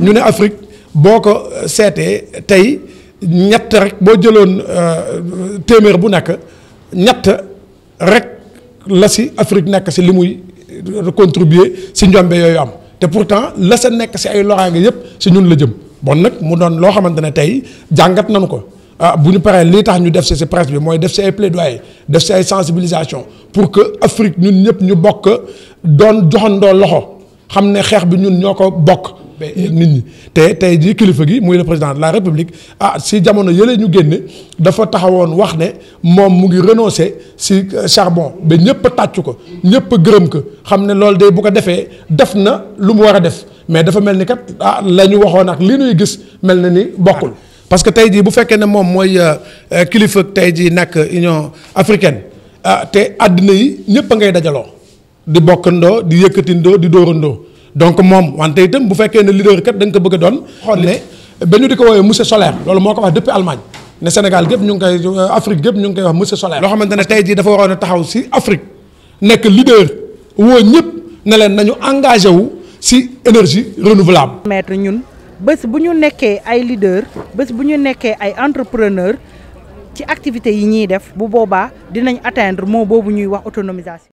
ñu ne Afrique boko ko euh, tay tey ñett rek bo jëloon euh, témèr bu nak ñett rek la si Afrique nekk ci limuy euh, contribuer ci ñombe yoyu am té pourtant la sa nek ci ay loraange yépp ci ñun la jëm bon nak mu don lo xamante tay jangat nañ ko ah, bu ñu paré li tax ñu def ci si presse bi moy def si ay plaidoyer def si ay sensibilisation pour que Afrique ñun ñëpp ñu bokk don joxandoo loxo xamné xex bi ñun ñoko ko bokk. Euh, nit ñi te tey jii kilifa gi muy le président de la république ah si jamono yële ñu génne dafa taxawoon wax ne moom mu ngi renoncer si euh, charbon ba ñëpp a tàcc ko ñëpp gërëm ko xam ne loolu de bu ko defee def na lu mu war a def mais dafa mel ni kat ah la ñu waxoon ak li ñuy gis mel na ni bokkul. parce que tey jii bu fekkee ne moom mooy euh, kilifa tey jii nekk Union africaine ah, te àddina yi ñëpp ngay dajaloo di bokkandoo di yëkkatindoo di dóorandoo. donc moom wante itam bu fekkee ne leader kat da nga ko bëgg a doon xool ne ba ñu di ko woowee monsieur Solaire loolu moo ko wax depuis Allemagne ne Sénégal gépp ñu ngi koy euh, Afrique gépp ñu ngi koy wax monsieur Solaire loo xamante ne tey jii dafa waroon a taxaw si Afrique nekk leader woo ñëpp ne leen nañu engagé wu si énergie renouvelable maître ñun bés bu ñu nekkee ay leader bés bu ñu nekkee ay entrepreneur ci activité yi ñuy def bu boobaa dinañ atteindre moo boobu ñuy wax autonomisation